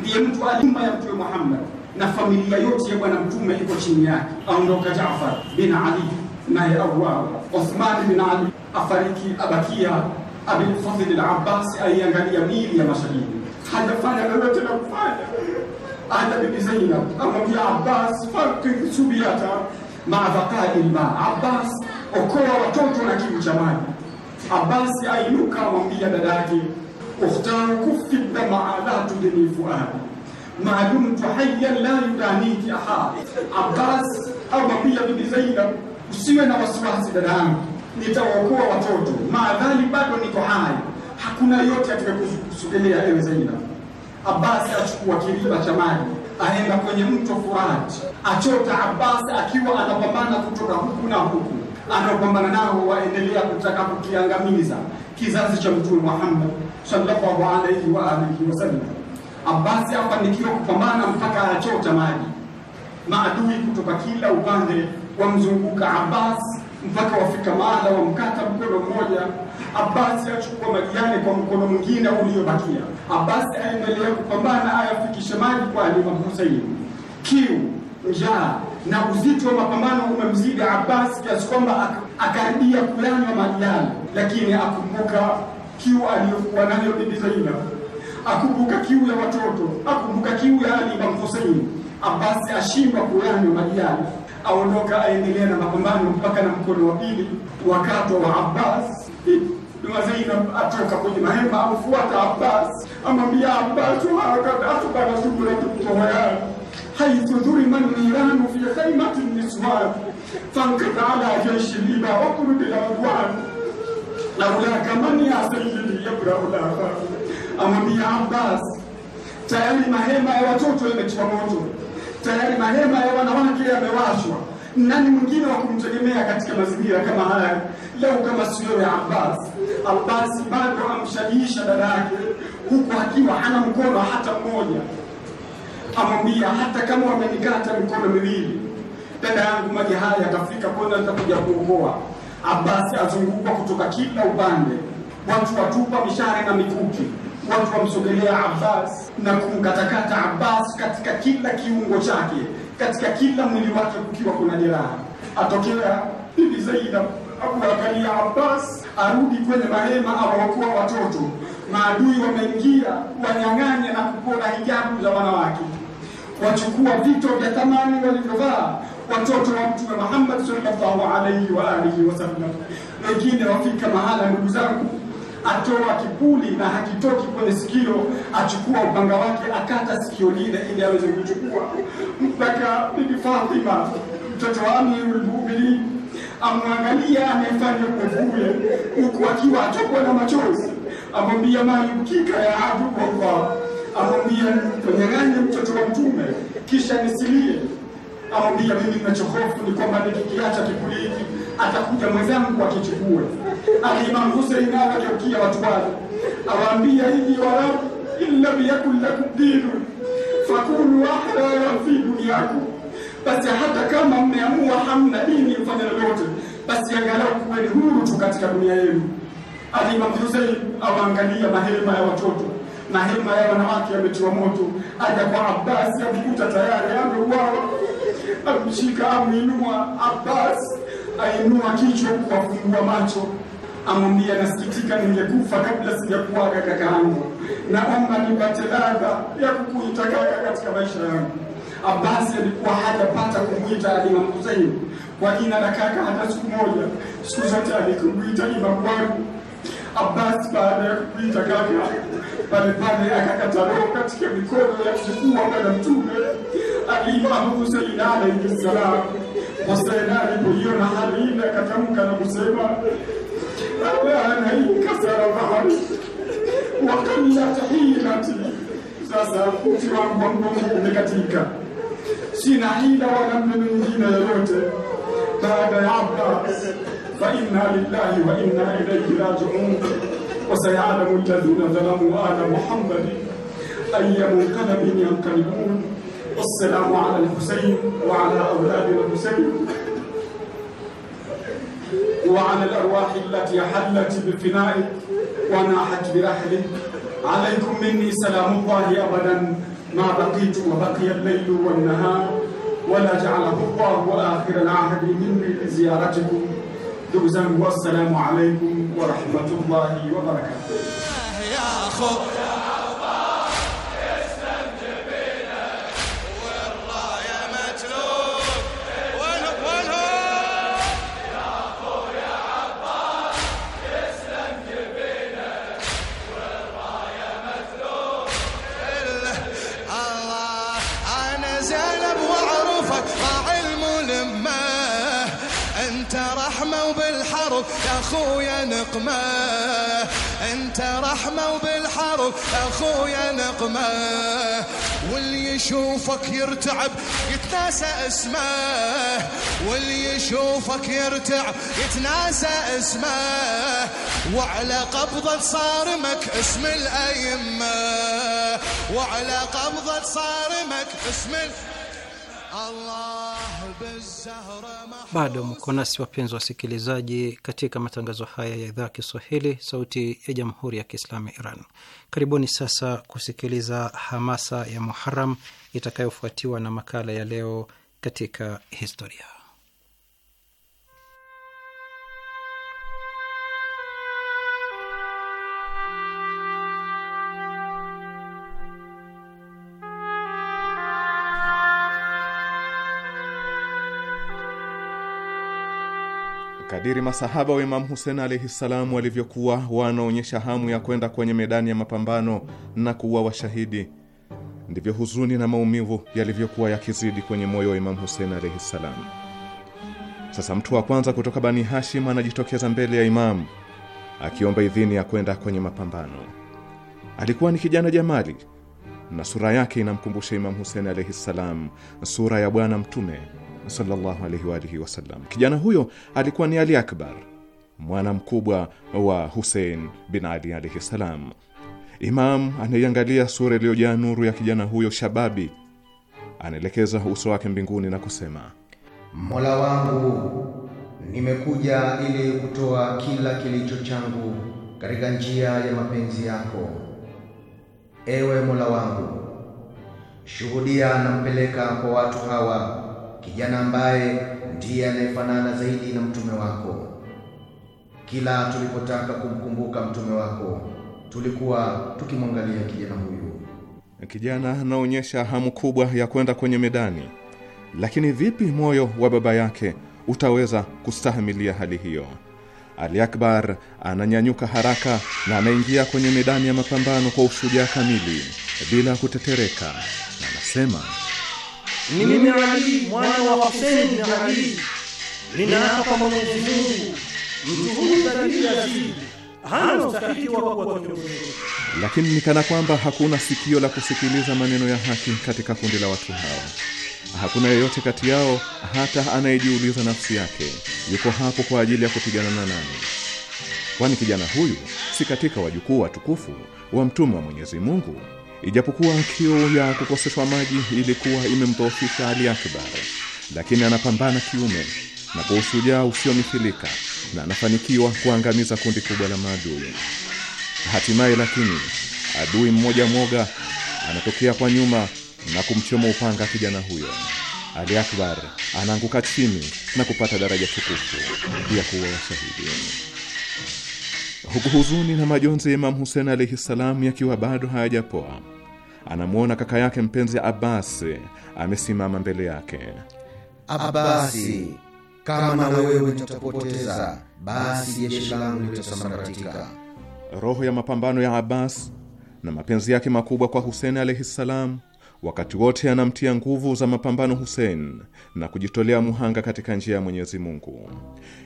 ndiye mtu alima ya Mtume Muhammad na familia yote ya Bwana Mtume iko chini yake. Aondoka Jaafar bin Ali naye auawa, Uthman bin Ali afariki, abakia Abil Fadhl al-Abbas aiangalia mili ya mashahidi, hajafanya lolote la kufanya. Hata Bibi Zainab amwambia Abbas, fakidh subiata maa baqai lma, Abbas okoa watoto na kiu cha maji. Abbas ainuka amwambia dada yake, ukhtaru kufi damaa la tudni fuadi madumtu hayyan la yudaniki ahad. Abbas amwambia Bibi Zainab, usiwe na wasiwasi dada yangu nitawaokoa watoto, maadhali bado niko hai, hakuna yote atakayekusubiria ewe Zainab. abasi achukua kiriba cha maji aenda kwenye mto Furat, achota abasi akiwa anapambana kutoka huku na huku, anaopambana nao waendelea kutaka kukiangamiza kizazi cha Mtume Muhammad sallallahu alaihi wa alihi wasallam. abasi afanikiwa kupambana mpaka achota maji, maadui kutoka kila upande wamzunguka Abbas mpaka wafika mahala wamkata mkono mmoja. Abasi achukua majani kwa mkono mwingine uliobakia. Abasi aendelea kupambana ayafikishe maji kwa Imamu Husein. Kiu, njaa na uzito wa mapambano umemzidi Abasi kiasi kwamba akaribia kuyanywa maji yale, lakini akumbuka kiu aliyokuwa nayo Bibi Zainab, akumbuka kiu ya watoto, akumbuka kiu ya Ali Imamu Husein. Abasi ashindwa kuyanywa maji yale aondoka aendelea na mapambano mpaka na mkono wa pili wakatwa wa Abbas Zainab atoka kwenye mahema amfuata Abbas, amwambia Abbas, wakad asbara shughulatu tohoyan haithu dhurima niranu fi khaimati niswan fankad ala jaishi lima wakuru bilawan laulaka mani ya sayidi yabraulaha, amwambia Abbas, tayari mahema ya watoto yametiwa moto tayari mahema ya wanawake yamewashwa. Nani mwingine wa kumtegemea katika mazingira kama haya? Lau kama siyo ya Abbas. Abbas bado amshajiisha dada yake, huku akiwa hana mkono hata mmoja, amwambia hata kama wamenikata mikono miwili, dada yangu, maji haya yatafika kwenda nitakuja kuokoa. Abbas azungukwa kutoka kila upande, watu watupa mishare na mikuki, watu wamsogelea Abbas na kumkatakata Abbas katika kila kiungo chake, katika kila mwili wake kukiwa kuna jeraha. Atokea Bibi Zainab amwangalia Abbas, arudi kwenye mahema awaokoa watoto. Maadui wameingia, wanyang'anya na kupora hijabu za wanawake, wachukua vito vya thamani walivyovaa watoto wa Mtume Muhammad sallallahu alaihi wa alihi wasallam. Wengine wafika mahala, ndugu zangu atoa kipuli na hakitoki kwenye sikio, achukua upanga wake akata sikio lile ili aweze kuchukua mpaka Bibi Fatima mtoto wa Amirul Mu'minin amwangalia anayefanya upevu huku akiwa atokwa na machozi, amwambia mayukika ya abdu Allah, amwambia tonyang'anye mtoto wa Mtume kisha nisilie, amwambia mimi ninachohofu ni kwamba nikikiacha kipuli hiki atakuja mwenzangu akichukua. Imam Hussein naye watu wake, awaambia hivi, walaw in lam yakun lakum dinun fakulu ahyaa fi dunyakum, basi hata kama mmeamua hamna dini mfanya lolote, basi angalau kuweni huru tu katika dunia yenu. alimam Hussein awaangalia mahema ya watoto mahema ya wanawake yametiwa moto. Aja kwa Abbas, amkuta tayari ameuawa, amshika, amwinua Abbas ainua kichwa kuwafungua macho, amwambia nasikitika, ningekufa kabla sijakuaga kaka yangu. Naomba nipate ladha ya kukuita kaka katika maisha yangu. Abasi alikuwa hajapata kumwita Alimamu kwa jina la kaka hata siku moja. Siku zote alikumwita Imamu wangu Abbas baada ya kuvunja gafya pale pale akakataliwa katika mikono ya mjukuu wa Bwana Mtume Alimamu Husein alaihi salam. Husein alipoiona hali ile akatamka na kusema abana inkasara bahari wakallat hilati, sasa uti wangu wa mgongo umekatika, sina hila wala mtu mwingine yoyote baada ya Abbas فإنا لله وإنا إليه راجعون وسيعلم الذين ظلموا آل محمد أي منقلب ينقلبون والسلام على الحسين وعلى أولاد الحسين وعلى الأرواح التي حلت بفنائك وناحت بأهلك عليكم مني سلام الله أبدا ما بقيت وبقي الليل والنهار ولا جعله الله آخر العهد مني لزيارتكم دوزان والسلام عليكم ورحمه الله وبركاته وبالحرب يا أخويا نقمة أنت رحمة وبالحرب يا أخويا نقمة واللي يشوفك يرتعب يتناسى اسمه واللي يشوفك يرتعب يتناسى اسمه وعلى قبضة صارمك اسم الأئمة وعلى قبضة صارمك اسم الله Bado mko nasi wapenzi wasikilizaji, katika matangazo haya ya idhaa Kiswahili sauti ya jamhuri ya kiislamu ya Iran. Karibuni sasa kusikiliza hamasa ya Muharam itakayofuatiwa na makala ya leo katika historia. Kadiri masahaba wa Imamu Husen alaihi ssalam walivyokuwa wanaonyesha hamu ya kwenda kwenye medani ya mapambano na kuwa washahidi, ndivyo huzuni na maumivu yalivyokuwa yakizidi kwenye moyo wa Imamu Husen alaihi ssalam. Sasa mtu wa kwanza kutoka Bani Hashim anajitokeza mbele ya Imamu akiomba idhini ya kwenda kwenye mapambano. Alikuwa ni kijana jamali na sura yake inamkumbusha Imamu Husen alaihi ssalam sura ya Bwana Mtume sallallahu alaihi wa alihi wasallam. Kijana huyo alikuwa ni Ali Akbar, mwana mkubwa wa Husein bin Ali alaihi salam. Imam anaiangalia sura iliyojaa nuru ya kijana huyo shababi, anaelekeza uso wake mbinguni na kusema, Mola wangu, nimekuja ili kutoa kila kilicho changu katika njia ya mapenzi yako. Ewe Mola wangu, shuhudia nampeleka kwa watu hawa kijana ambaye ndiye anayefanana zaidi na mtume wako. Kila tulipotaka kumkumbuka mtume wako, tulikuwa tukimwangalia kijana huyu. Kijana anaonyesha hamu kubwa ya kwenda kwenye medani, lakini vipi moyo wa baba yake utaweza kustahimilia hali hiyo? Ali Akbar ananyanyuka haraka na anaingia kwenye medani ya mapambano kwa ushujaa kamili bila kutetereka, na anasema mimi Ali mwana wa Hussein bin Ali, ninaapa kwa Mwenyezi Mungu, mtu huyu ya asili hana ustahiki wa kuwa Lakini nikana kwamba hakuna sikio la kusikiliza maneno ya haki katika kundi la watu hawa. Hakuna yeyote kati yao hata anayejiuliza nafsi yake yuko hapo kwa ajili ya kupigana na nani, kwani kijana huyu si katika wajukuu watukufu wa mtume wa Mwenyezi Mungu? Ijapokuwa kiu ya kukoseshwa maji ilikuwa imemdhoofisha Ali Akbar, lakini anapambana kiume na kwa ushujaa usiomithilika na anafanikiwa kuangamiza kundi kubwa la maadui. Hatimaye lakini adui mmoja mwoga anatokea kwa nyuma na kumchoma upanga kijana huyo. Ali Akbar anaanguka chini na kupata daraja tukufu ya kuwa washahidi. Huku huzuni na majonzi ya Imam Hussein alaihi salam yakiwa bado hayajapoa anamwona kaka yake mpenzi Abasi amesimama mbele yake. Abasi, kama na wewe nitapoteza, basi jeshi langu litasambaratika. Roho ya mapambano ya abbas na mapenzi yake makubwa kwa Hussein alaihi salam wakati wote anamtia nguvu za mapambano Hussein na kujitolea muhanga katika njia ya Mwenyezi Mungu.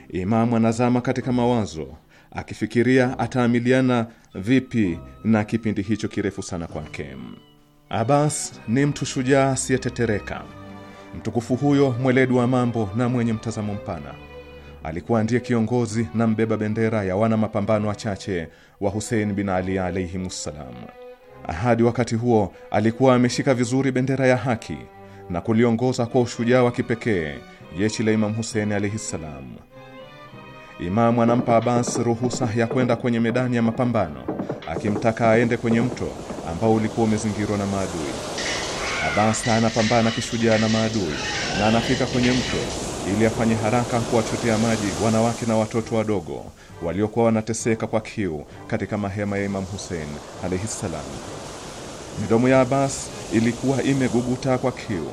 Imamu anazama katika mawazo akifikiria ataamiliana vipi na kipindi hicho kirefu sana kwake. Abbas ni mtu shujaa asiyetetereka. Mtukufu huyo mweledi wa mambo na mwenye mtazamo mpana alikuwa ndiye kiongozi na mbeba bendera ya wana mapambano wachache wa Hussein bin Ali alaihimussalam. Hadi wakati huo alikuwa ameshika vizuri bendera ya haki na kuliongoza kwa ushujaa wa kipekee jeshi la Imam Hussein alaihissalam. Imamu anampa Abbas ruhusa ya kwenda kwenye medani ya mapambano, akimtaka aende kwenye mto ambao ulikuwa umezingirwa na maadui. Abasta anapambana kishujaa na maadui na anafika kwenye mto ili afanye haraka kuwachotea maji wanawake na watoto wadogo waliokuwa wanateseka kwa kiu katika mahema ya Imam Hussein alayhi salam. Midomo ya Abbas ilikuwa imeguguta kwa kiu.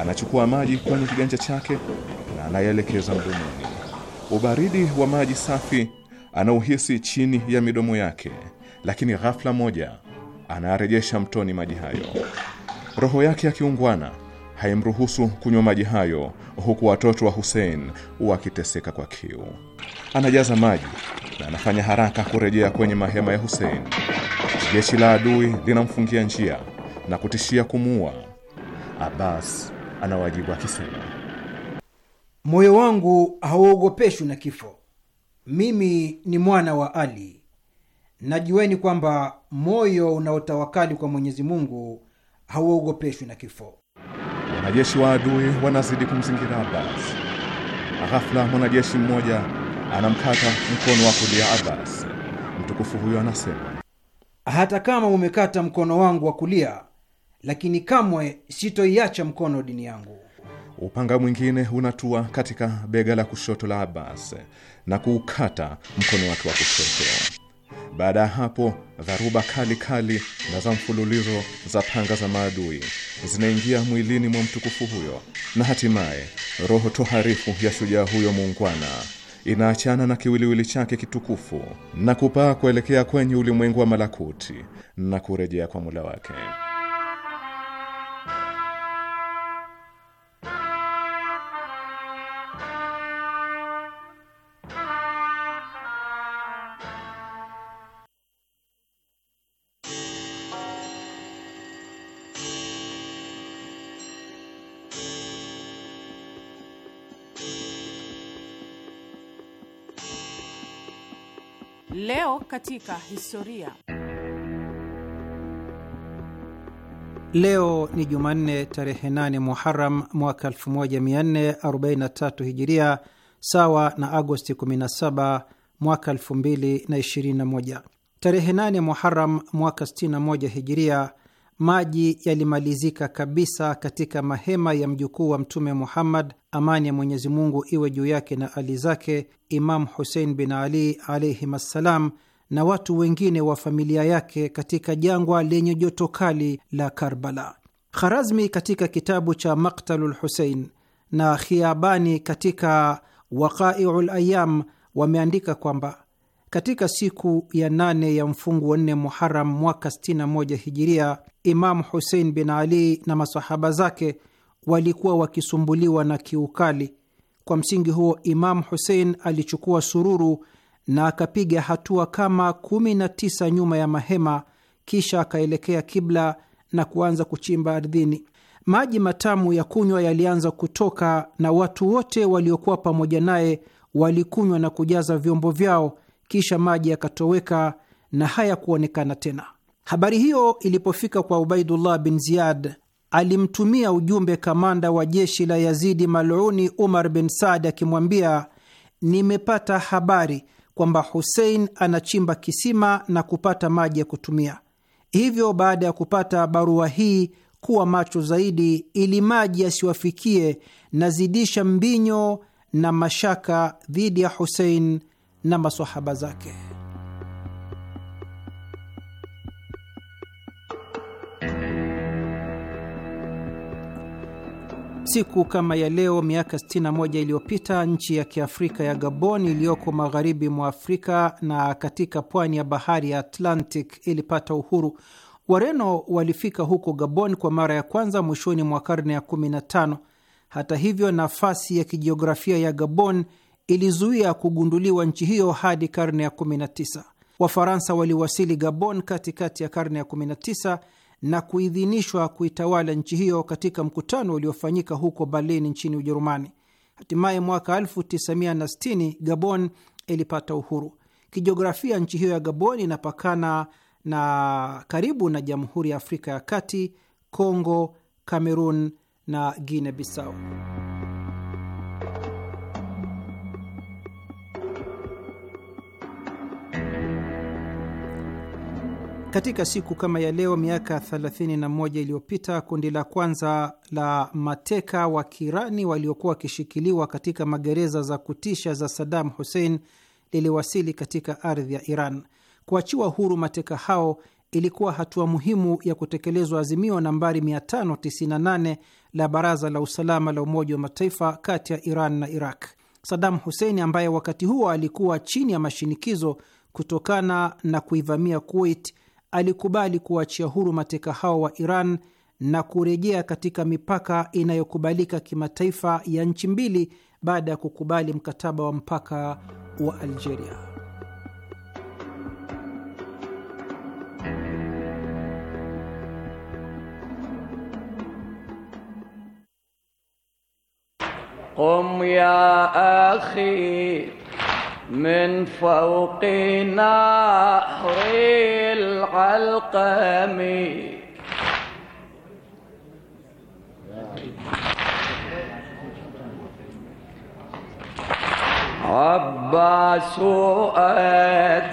Anachukua maji kwenye kiganja chake na anayeelekeza mdomoni. Ubaridi wa maji safi anauhisi chini ya midomo yake, lakini ghafla moja anayarejesha mtoni maji hayo. Roho yake ya kiungwana haimruhusu kunywa maji hayo, huku watoto wa Hussein wakiteseka kwa kiu. Anajaza maji na anafanya haraka kurejea kwenye mahema ya Hussein. Jeshi la adui linamfungia njia na kutishia kumuua. Abbas anawajibu akisema, moyo wangu hauogopeshwi na kifo, mimi ni mwana wa Ali Najueni kwamba moyo unaotawakali kwa Mwenyezi Mungu hauogopeshwi na kifo. Wanajeshi wa adui wanazidi kumzingira Abbas. Ghafla mwanajeshi mmoja anamkata mkono wa kulia Abbas. Mtukufu huyo anasema, hata kama umekata mkono wangu wa kulia, lakini kamwe sitoiacha mkono dini yangu. Upanga mwingine unatua katika bega la kushoto la Abbas na kuukata mkono wake wa kushoto. Baada ya hapo, dharuba kali kali na za mfululizo za panga za maadui zinaingia mwilini mwa mtukufu huyo, na hatimaye roho toharifu ya shujaa huyo muungwana inaachana na kiwiliwili chake kitukufu na kupaa kuelekea kwenye ulimwengu wa malakuti na kurejea kwa mula wake. Leo katika historia. Leo ni Jumanne tarehe 8 Muharam mwaka 1443 Hijiria, sawa na Agosti 17 mwaka 2021. Tarehe 8 Muharam mwaka 61 Hijiria maji yalimalizika kabisa katika mahema ya mjukuu wa Mtume Muhammad, amani ya Mwenyezi Mungu iwe juu yake na ali zake, Imamu Husein bin Ali alaihim assalam, na watu wengine wa familia yake katika jangwa lenye joto kali la Karbala. Kharazmi katika kitabu cha Maktalu Lhusein na Khiabani katika Waqaiu Layam wameandika kwamba katika siku ya nane ya mfungu wa nne Muharam mwaka 61 Hijiria, Imamu Husein bin Ali na masahaba zake walikuwa wakisumbuliwa na kiukali. Kwa msingi huo, Imamu Husein alichukua sururu na akapiga hatua kama 19 nyuma ya mahema, kisha akaelekea kibla na kuanza kuchimba ardhini. Maji matamu ya kunywa yalianza kutoka na watu wote waliokuwa pamoja naye walikunywa na kujaza vyombo vyao kisha maji yakatoweka na hayakuonekana tena. Habari hiyo ilipofika kwa Ubaidullah bin Ziyad, alimtumia ujumbe kamanda wa jeshi la Yazidi maluni Umar bin Saad akimwambia, nimepata habari kwamba Husein anachimba kisima na kupata maji ya kutumia. Hivyo baada ya kupata barua hii, kuwa macho zaidi ili maji yasiwafikie, nazidisha mbinyo na mashaka dhidi ya Husein na masahaba zake. Siku kama ya leo miaka 61 iliyopita nchi ya kiafrika ya Gabon iliyoko magharibi mwa Afrika na katika pwani ya bahari ya Atlantic ilipata uhuru. Wareno walifika huko Gabon kwa mara ya kwanza mwishoni mwa karne ya 15. Hata hivyo, nafasi ya kijiografia ya Gabon ilizuia kugunduliwa nchi hiyo hadi karne ya 19. Wafaransa waliwasili Gabon katikati ya karne ya 19 na kuidhinishwa kuitawala nchi hiyo katika mkutano uliofanyika huko Berlin nchini Ujerumani. Hatimaye mwaka 1960 Gabon ilipata uhuru. Kijiografia, nchi hiyo ya Gabon inapakana na karibu na Jamhuri ya Afrika ya Kati, congo cameron na Guinea Bissau. Katika siku kama ya leo miaka 31 iliyopita kundi la kwanza la mateka wa Kirani waliokuwa wakishikiliwa katika magereza za kutisha za Saddam Hussein liliwasili katika ardhi ya Iran. Kuachiwa huru mateka hao ilikuwa hatua muhimu ya kutekelezwa azimio nambari 598 la Baraza la Usalama la Umoja wa Mataifa kati ya Iran na Iraq. Saddam Hussein ambaye wakati huo alikuwa chini ya mashinikizo kutokana na kuivamia Kuwait alikubali kuachia huru mateka hao wa Iran na kurejea katika mipaka inayokubalika kimataifa ya nchi mbili baada ya kukubali mkataba wa mpaka wa Algeria. Qum ya akhi min fawqina بحر العلقمي عباس أدعوك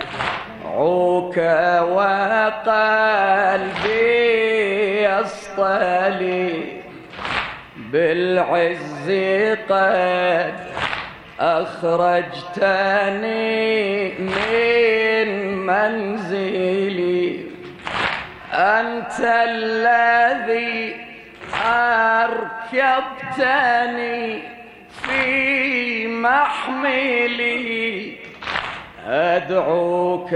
وقلبي يصطلي بالعز قد أخرجتني من منزلي أنت الذي أركبتني في محملي أدعوك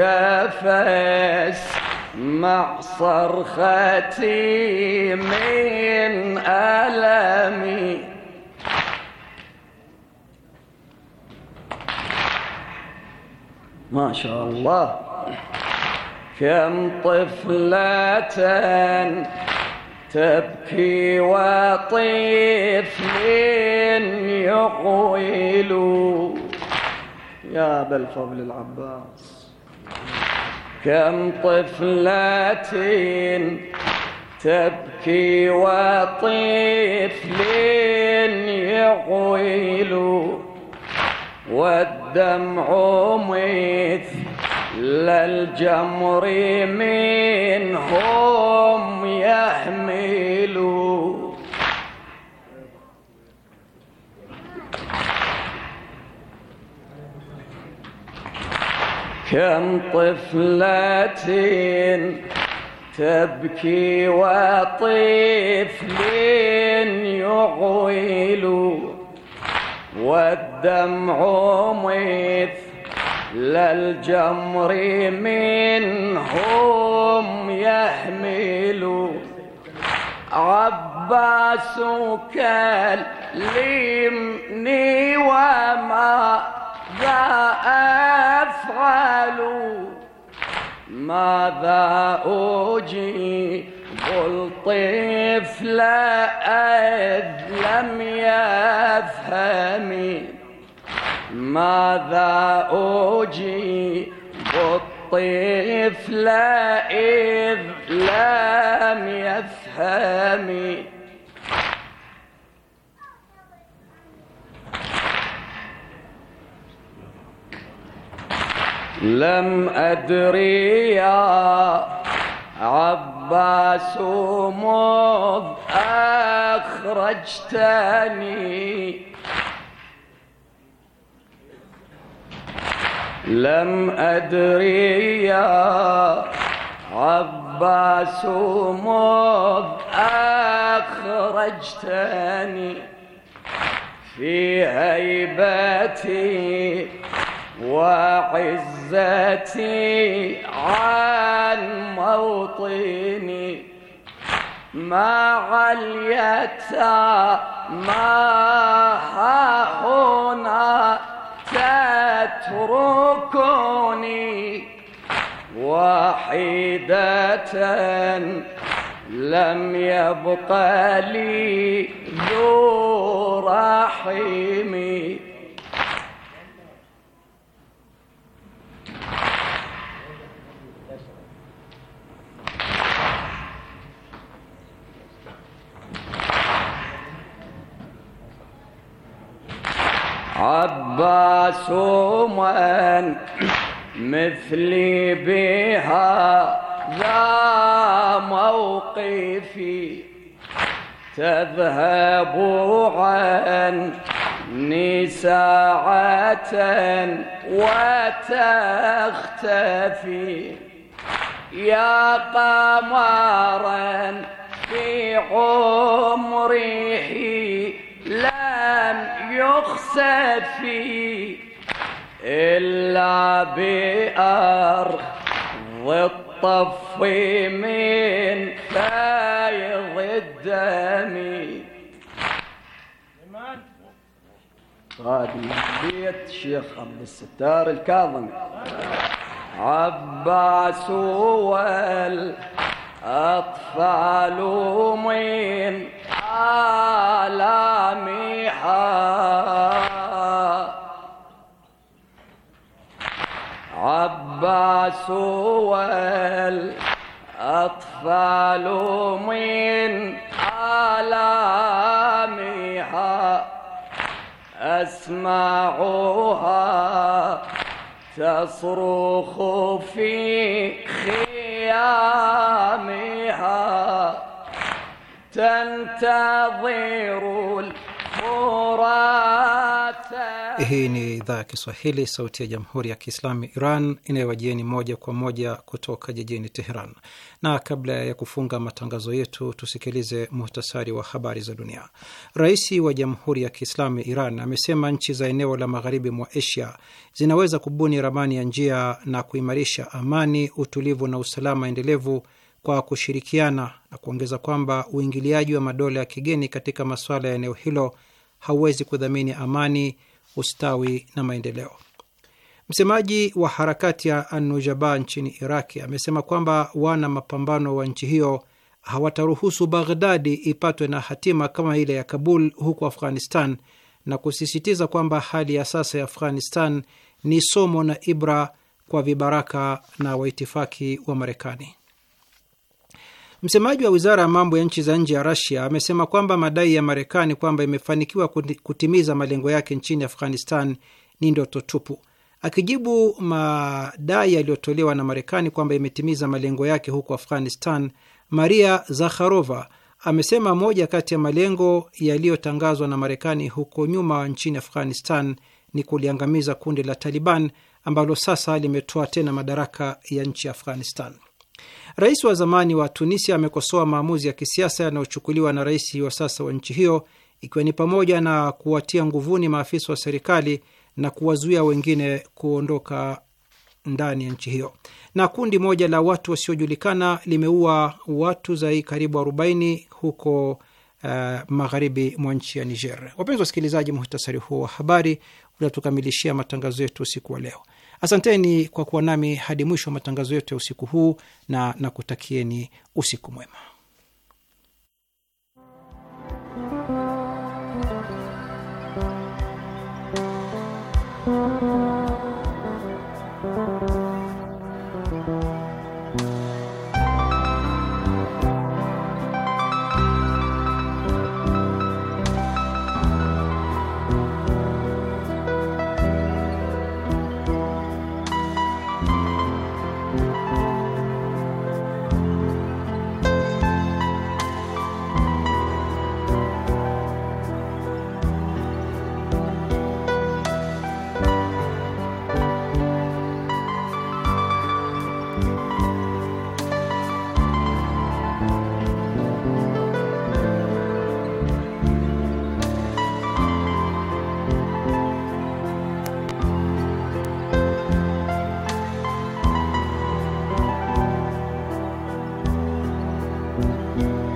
فاسمع صرختي من ألمي ما شاء الله كم طفلة تبكي وطفل يقويل يا أبا الفضل العباس كم طفلة تبكي وطفل يقويل والدمع مثل للجمر منهم يحملوا كم طفلة تبكي وطفل يغويل والدمع مثل للجمر منهم يحمل عباس كلمني وما ذا أفعل ماذا أجيب الطفل أذ لم يفهم ماذا أجيب الطفل إذ لم يفهم لم أدري يا عباس مذ أخرجتني لم أدري يا عباس مذ أخرجتني في هيبتي وعزتي عن موطني مع اليتامى هنا تتركني وحيدة لم يبق لي ذو رحمي عباس ومن مثلي بها ذا موقفي تذهب عني ساعة وتختفي يا قمرا في عمره لم يخسف فيه إلا بأرض الطف من فايض الدم قادم بيت شيخ عبد الستار الكاظم عباس والأطفال مين ملامحا عباس والأطفال من آلامها أسمعها تصرخ في خيامها Hii ni idhaa ya Kiswahili, sauti ya jamhuri ya kiislamu Iran inayowajieni moja kwa moja kutoka jijini Teheran. Na kabla ya kufunga matangazo yetu, tusikilize muhtasari wa habari za dunia. Rais wa jamhuri ya kiislamu Iran amesema nchi za eneo la magharibi mwa Asia zinaweza kubuni ramani ya njia na kuimarisha amani, utulivu na usalama endelevu kwa kushirikiana na kuongeza kwamba uingiliaji wa madola ya kigeni katika masuala ya eneo hilo hauwezi kudhamini amani, ustawi na maendeleo. Msemaji wa harakati ya Anujaba nchini Iraki amesema kwamba wana mapambano wa nchi hiyo hawataruhusu Baghdadi ipatwe na hatima kama ile ya Kabul huko Afghanistan, na kusisitiza kwamba hali ya sasa ya Afghanistan ni somo na ibra kwa vibaraka na waitifaki wa Marekani. Msemaji wa wizara ya mambo ya nchi za nje ya Rasia amesema kwamba madai ya Marekani kwamba imefanikiwa kutimiza malengo yake nchini Afghanistan ni ndoto tupu. Akijibu madai yaliyotolewa na Marekani kwamba imetimiza malengo yake huko Afghanistan, Maria Zakharova amesema moja kati ya malengo yaliyotangazwa na Marekani huko nyuma nchini Afghanistan ni kuliangamiza kundi la Taliban ambalo sasa limetoa tena madaraka ya nchi ya Afghanistan. Rais wa zamani wa Tunisia amekosoa maamuzi ya kisiasa yanayochukuliwa na rais wa sasa wa nchi hiyo, ikiwa ni pamoja na kuwatia nguvuni maafisa wa serikali na kuwazuia wengine kuondoka ndani ya nchi hiyo. Na kundi moja la watu wasiojulikana limeua watu zaidi karibu 40 huko uh, magharibi mwa nchi ya Niger. Wapenzi wasikilizaji, muhtasari huo wa habari unatukamilishia matangazo yetu usiku wa leo. Asanteni kwa kuwa nami hadi mwisho wa matangazo yetu ya usiku huu na nakutakieni usiku mwema. Thank you.